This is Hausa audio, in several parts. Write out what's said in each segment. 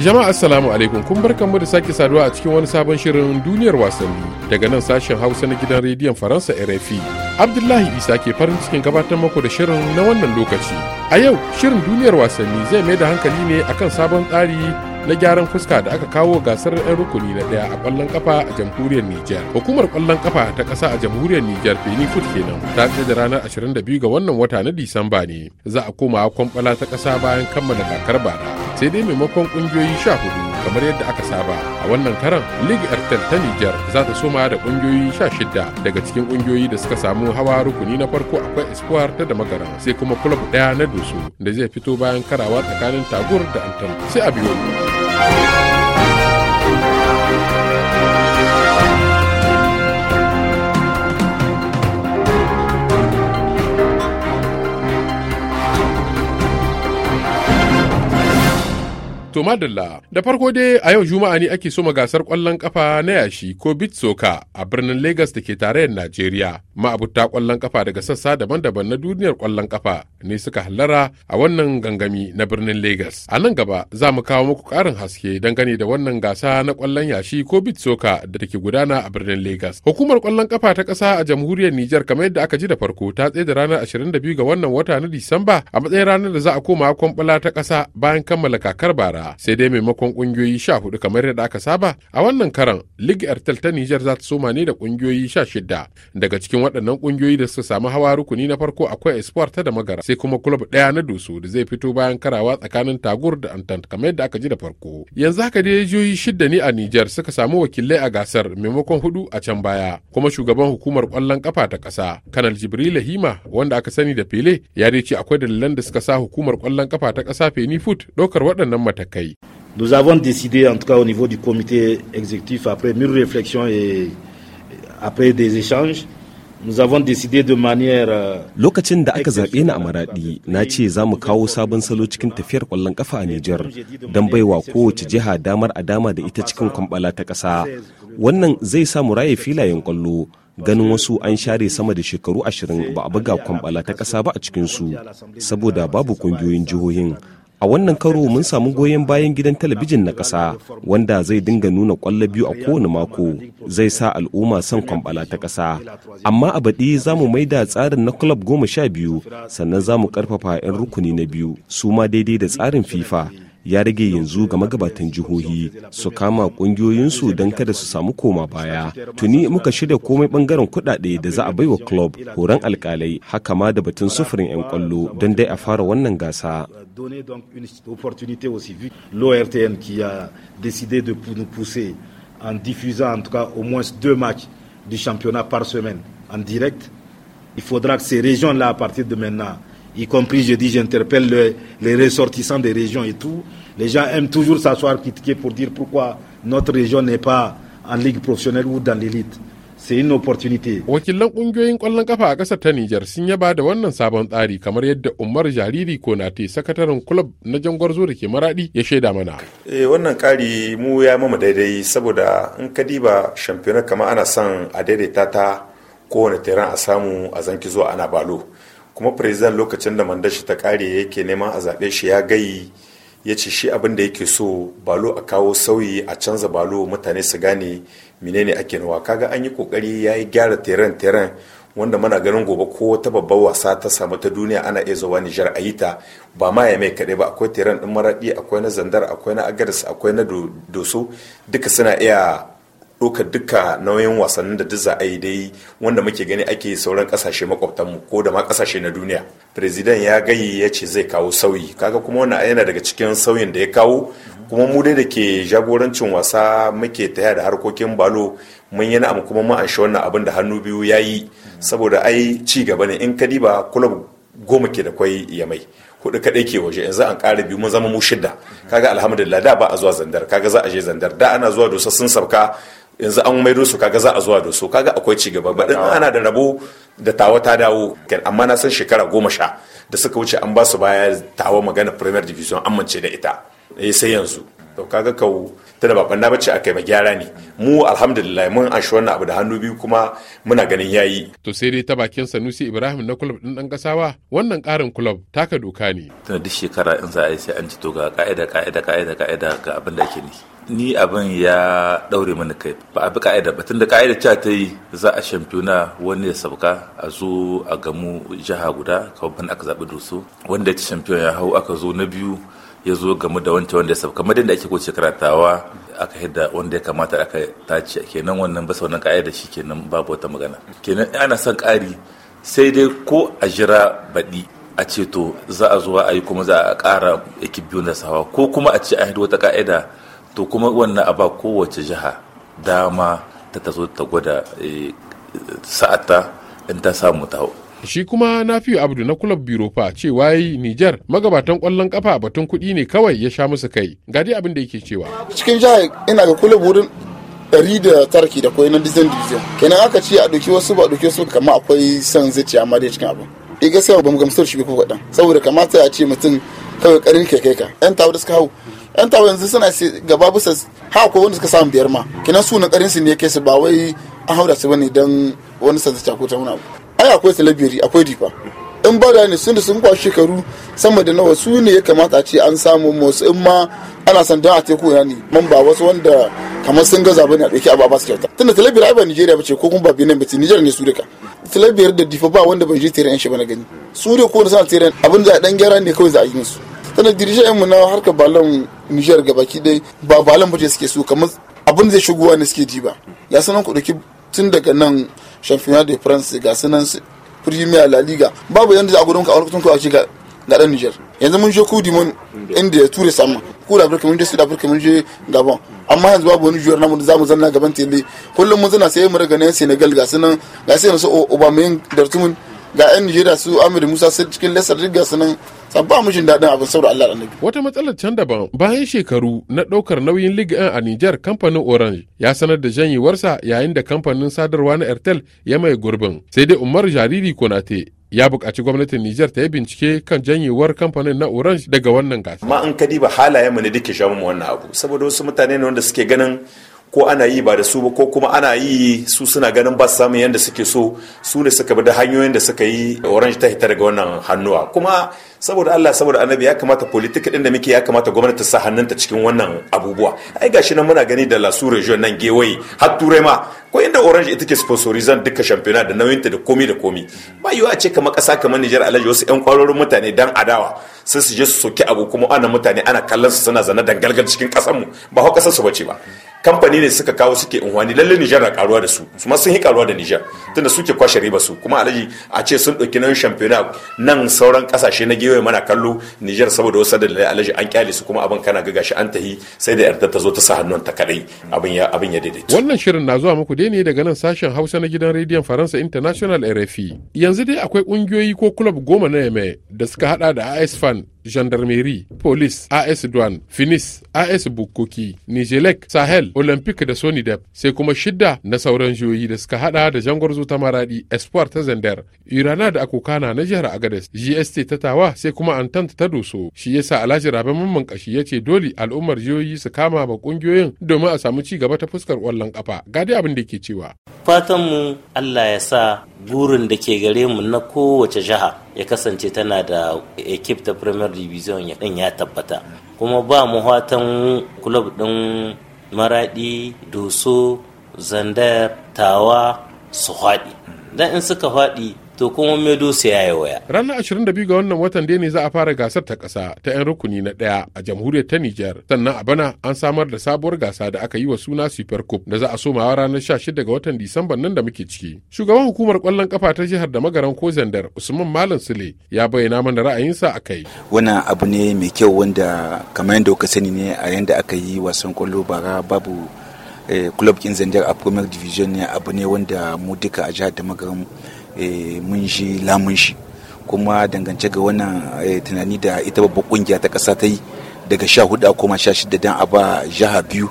Jama'a assalamu alaikum kun mu da sake saduwa a cikin wani sabon shirin duniyar wasanni daga nan sashen Hausa na gidan rediyon Faransa RFI. Abdullahi Isa ke farin cikin gabatar muku da shirin na wannan lokaci. A yau shirin duniyar wasanni zai mai da hankali ne akan sabon tsari na gyaran fuska da aka kawo gasar 'yan rukuni na daya a kwallon kafa a jamhuriyar Nijar. Hukumar kwallon kafa ta ƙasa a jamhuriyar Nijar Foot kenan ta da ranar 22 ga wannan wata na Disamba ne. Za a koma kwamfala ta ƙasa bayan kammala kakar bara. Sai dai maimakon ƙungiyoyi sha hudu kamar yadda aka saba a wannan karan League Airtel ta Nijar za ta soma da ƙungiyoyi sha shida daga cikin ƙungiyoyi da suka samu hawa rukuni na farko akwai Espoir ta da Magara sai kuma club ɗaya na Doso da zai fito bayan karawa tsakanin Tagur da Antal sai a biyo. Música To madalla da farko dai a yau juma'a ne ake soma gasar kwallon kafa na yashi ko bit soka a birnin Lagos da ke tarayyar Najeriya. Ma'abuta kwallon kafa daga sassa daban-daban na duniyar kwallon kafa ne suka hallara a wannan gangami na birnin Lagos. A nan gaba za mu kawo muku karin haske dangane da wannan gasa na kwallon yashi ko bit soka da ke gudana a birnin Lagos. Hukumar kwallon kafa ta kasa a jamhuriyar Nijar kamar yadda aka ji da farko ta tsaye da ranar 22 ga wannan wata na Disamba a matsayin ranar da za a koma kwamfala ta kasa bayan kammala kakar bara. sai dai maimakon kungiyoyi sha hudu kamar yadda aka saba a wannan karan ligi artel ta nijar za ta soma ne da kungiyoyi sha shida daga cikin waɗannan kungiyoyi da suka samu hawa rukuni na farko akwai espoir ta da magara sai kuma club ɗaya na dusu da zai fito bayan karawa tsakanin tagur da antant kamar yadda aka ji da farko yanzu haka dai jihohi shida ne a nijar suka samu wakilai a gasar maimakon hudu a can baya kuma shugaban hukumar kwallon kafa ta ƙasa kanal jibril hima wanda aka sani da fele ya dai ce akwai dalilan da suka sa hukumar kwallon kafa ta ƙasa fenifut ɗaukar waɗannan matakai kai nous avons décidé en tout cas au niveau du comité exécutif après mûre réflexion et après des échanges euh, Lokacin da aka zaɓe ni a Maraɗi, na ce za mu kawo sabon salo cikin tafiyar kwallon ƙafa a Nijar don baiwa kowace jiha damar a dama da ita cikin kwamɓala ta ƙasa. Wannan zai sa mu raye filayen kwallo ganin wasu an share sama da shekaru ashirin ba a buga kwamɓala ta ƙasa ba a cikinsu, saboda babu ƙungiyoyin jihohin. a wannan karo mun samu goyon bayan gidan talabijin na ƙasa wanda zai dinga nuna ƙwallo biyu a kowane mako zai sa al'umma son kwambala ta ƙasa amma a baɗi za mu maida tsarin na club goma sha biyu sannan za mu ƙarfafa 'yan rukuni na biyu su ma daidai da tsarin fifa ya rage yanzu ga magabatan jihohi su kama kungiyoyinsu don kada su samu koma baya tuni muka shirya komai bangaren kuɗaɗe da za a baiwa club horon alkalai haka ma da batun sufurin 'yan kwallo don dai a fara wannan gasa l'ORTN qui a décidé de nous pousser en diffusant en tout cas au moins deux matchs du championnat par semaine en direct. Il faudra que ces régions-là, à partir de maintenant, y compris, je dis, j'interpelle le, les ressortissants des régions et tout. Les gens aiment toujours s'asseoir, critiquer pour dire pourquoi notre région n'est pas en ligue professionnelle ou dans l'élite. C'est une opportunité. Wakilan ƙungiyoyin ƙwallon kafa a ƙasar ta Nijar sun yaba da wannan sabon tsari kamar yadda Umar Jariri Konate sakataren kulab na Jangwarzo da ke maraɗi ya shaida mana. Eh wannan ƙari mu ya mamu daidai saboda in ka diba shampiyona kamar ana son a daidaita ta kowane teran a samu a zanki zuwa ana balo. kuma president lokacin da mandashi ta kare yake neman a zaɓe shi ya gayi ya ce shi abin da yake so balo a kawo sauyi a canza balo mutane su gane menene ake nawa kaga an yi kokari ya yi gyara teren teren wanda mana ganin gobe ko ta babbar wasa ta samu ta duniya ana iya zuwa Nijar a yi ta ba ma ya mai kaɗai ba akwai teren ɗin maraɗi akwai na zandar akwai na agaris akwai na doso duka suna iya ɗaukar duka nauyin wasannin da duk za a yi dai wanda muke gani ake sauran ƙasashe makwabtanmu ko da ma ƙasashe na duniya firizidan ya gayi ya ce zai kawo sauyi kaga kuma wannan yana daga cikin sauyin da ya kawo kuma mu dai da ke jagorancin wasa muke taya da harkokin balo mun yana amma kuma an anshi wannan abin da hannu biyu ya yi saboda ai ci gaba ne in ka diba kulab goma ke da kwai ya mai hudu kaɗai ke waje yanzu an ƙara biyu mun zama mu shidda kaga alhamdulillah da ba a zuwa zandar kaga za a je zandar da ana zuwa dosa sun sauka yanzu an maido su kaga za a zuwa da su kaga akwai ci gaba ba ana da rabo da tawa ta dawo amma na san shekara goma sha da suka wuce an ba su baya tawa magana premier division amince da ita eh, sai yanzu to kaga kau tana ba banna bace akai ba gyara ne mu alhamdulillah mun an shi wannan abu da hannu biyu kuma muna ganin yayi to sai dai ta bakin Sanusi Ibrahim na club din dan kasawa wannan karin club taka doka ne tana duk shekara in za a yi sai an ci to ga ka'ida ka'ida ka'ida ka'ida ga abin da ake ni ni abin ya ɗaure mini kai ba a bi ka'ida ba tunda ka'ida cewa ta yi za a shampiyona wani ya sabka a zo a gamu jiha guda kawai aka zaɓi doso wanda ya ci shampiyon ya hau aka zo na biyu ya zo gamu da wancan wanda ya sabuka. kamar da ake ko karatawa aka hidda wanda ya kamata aka tace kenan wannan basa wannan ka'ida shi kenan babu wata magana kenan ana son ƙari sai dai ko a jira baɗi a ce to za a zo a yi kuma za a ƙara ekip biyu da sawa ko kuma a ce a hidda wata ka'ida to kuma wannan a ba kowace jiha dama ta tazo ta gwada eh, sa'ata in ta samu ta shi kuma na fiye abdu na kulab biro fa cewa yi nijar magabatan kwallon kafa batun kudi ne kawai ya sha musu kai gadi abin da yake cewa cikin jihar ina ga kulab wurin ɗari da tarki da koyi na dizen division kenan aka ce a doki wasu ba doki wasu kama akwai son zuciya amma dai cikin abin e gaskiya ba mu gamsar shi ko kaɗan saboda kamata a ce mutum kawai karir ke kai ka yan tawo da suka hau yan tawo yanzu suna gaba bisa ha ko wanda suka samu biyar ma kinan su na karin su ne ke su ba wai an da su bane dan wani sansa ta kota wani abu ai akwai talabiri akwai difa in ba da ne sun da sun kwa shekaru sama da nawa su ne ya kamata a ce an samu motsi in ma ana san don a teku ya ne man ba wasu wanda kamar sun gaza bane a ɗauki abu a su kyauta tunda talabiyar ai ba nigeria ba ce ko kuma ba benin ba ce nigeria ne su duka talabiyar da difa ba wanda ban ji tere yan shi ba na gani su ne ko da suna tere abin da a dan gyara ne kawai za a yi musu sannan dirisha mu na harkar balon ga gabaki dai ba balon bace suke so kamar abin zai shigowa ne suke ji ba ya sanan ku dauki tun daga nan championnat de france ga sanan premier la liga babu yanda za a gudun ka a lokacin ku a ga ga dan nijar yanzu mun je kudi mun inda ya ture sama ku da afirka mun je sud afirka mun je gabon amma yanzu babu wani juyar namu da zamu zanna gaban tele kullum mun zana sai mu raga ne senegal ga sanan ga sanan so obamayin dartumun ga 'yan Nijeriya su Amir Musa sai cikin Lesar Riga sunan san ba mu daɗin abin saboda Allah annabi. Wata matsalar can daban bayan shekaru na ɗaukar nauyin Ligue 1 a Niger kamfanin Orange ya sanar da janyewarsa yayin da kamfanin sadarwa na Airtel ya mai gurbin. Sai dai Umar Jariri Konate ya buƙaci gwamnatin Nijar ta yi bincike kan janyewar kamfanin na Orange daga wannan gasa. Ma an kadi ba halaye mu ne duke ke shawo wannan abu saboda wasu mutane ne wanda suke ganin ko ana yi ba da su ba ko kuma ana yi su suna ganin ba samun yadda suke so su ne suka bi da hanyoyin da suka yi orange ta hita daga wannan hannuwa kuma saboda Allah saboda annabi ya kamata politika din da muke ya kamata gwamnati ta sa hannunta cikin wannan abubuwa ai gashi nan muna gani da lasu region nan gewaye har turai ma ko inda orange ita ke sponsorizan duka championnat da nauyinta da komi da komi ba yiwa ce kamar kasa kamar Niger alaji wasu yan kwarorin mutane dan adawa sai su je su soki abu kuma ana mutane ana kallon su suna zana dangalgal cikin kasar mu ba hau kasar su bace ba kamfani ne suka kawo suke unhwani lalle Nijar na karuwa da su su sun yi karuwa da Nijar tunda suke kwashe riba su kuma alaji a ce sun dauki nan shampiyona nan sauran kasashe na gewaye mana kallo Nijar saboda wasu dalilai alaji an kyale su kuma abin kana ga gashi an tahi sai da yarda ta zo ta sa hannun ta kadai abin ya abin ya daidaita wannan shirin na zuwa muku dai ne daga nan sashen Hausa na gidan rediyon Faransa International RFI yanzu dai akwai kungiyoyi ko club goma na Yame da suka hada da AS Fan gendarmerie police as douane finis as bukkoki nijelek sahel Olympique da sonidep sai kuma shidda na sauran jihohi da suka hada da jangwarzo ta maradi espoir ta zandar irana da akokana na jihar agades gst ta tawa sai kuma antant ta doso shi yasa alhaji rabe mamman kashi ya ce dole al'ummar jihohi su kama ba kungiyoyin domin a samu ci gaba ta fuskar kwallon kafa gadi dai abin da ke cewa Fatanmu allah ya sa burin da ke gare mu na kowace jiha ya kasance tana da ekip ta premier division ya ya tabbata kuma ba mu hatan club din maradi doso zandar tawa su haɗi dan in suka haɗi to kuma medo sai ya yi waya. Ranar 22 ga wannan watan dai ne za a fara gasar ta ƙasa ta 'yan rukuni na ɗaya a jamhuriyar ta Nijar. Sannan a bana an samar da sabuwar gasa da aka yi wa suna Super Cup da za a somawa ranar 16 ga watan Disamba nan da muke ciki. Shugaban hukumar ƙwallon kafa ta jihar da magaran zandar Usman Malam Sule ya bayyana mana ra'ayinsa a kai. Wannan abu ne mai kyau wanda kamar yadda kuka sani ne a yanda aka yi wasan kwallo bara babu eh, club kin zandar a premier division ne abu ne wanda mu duka a jihar da magaran Eh, mun shi lamun shi kuma dangance ga wannan eh, tunani da ita babbar kungiya ta kasa ta yi daga sha hudu a koma sha shida dan a ba jiha biyu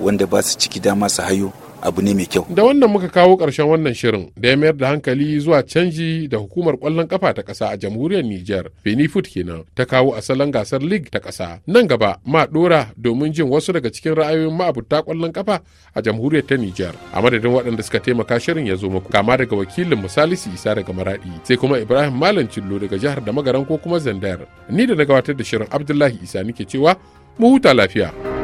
wanda ba su ciki dama su hayo abu ne mai kyau da wannan muka kawo ƙarshen wannan shirin da ya mayar da hankali zuwa canji da hukumar ƙwallon kafa ta ƙasa a jamhuriyar Nijar Benifut kenan ta kawo asalin gasar league ta ƙasa nan gaba ma dora domin jin wasu daga cikin ra'ayoyin ma'abuta ƙwallon kafa a jamhuriyar ta Nijar a madadin waɗanda suka taimaka shirin ya zo muku kama daga wakilin Musalisi Isa daga maraɗi sai kuma Ibrahim Malam Cillo daga jihar da magaran ko kuma Zandar ni da na gabatar da shirin Abdullahi Isa nike cewa mu huta lafiya.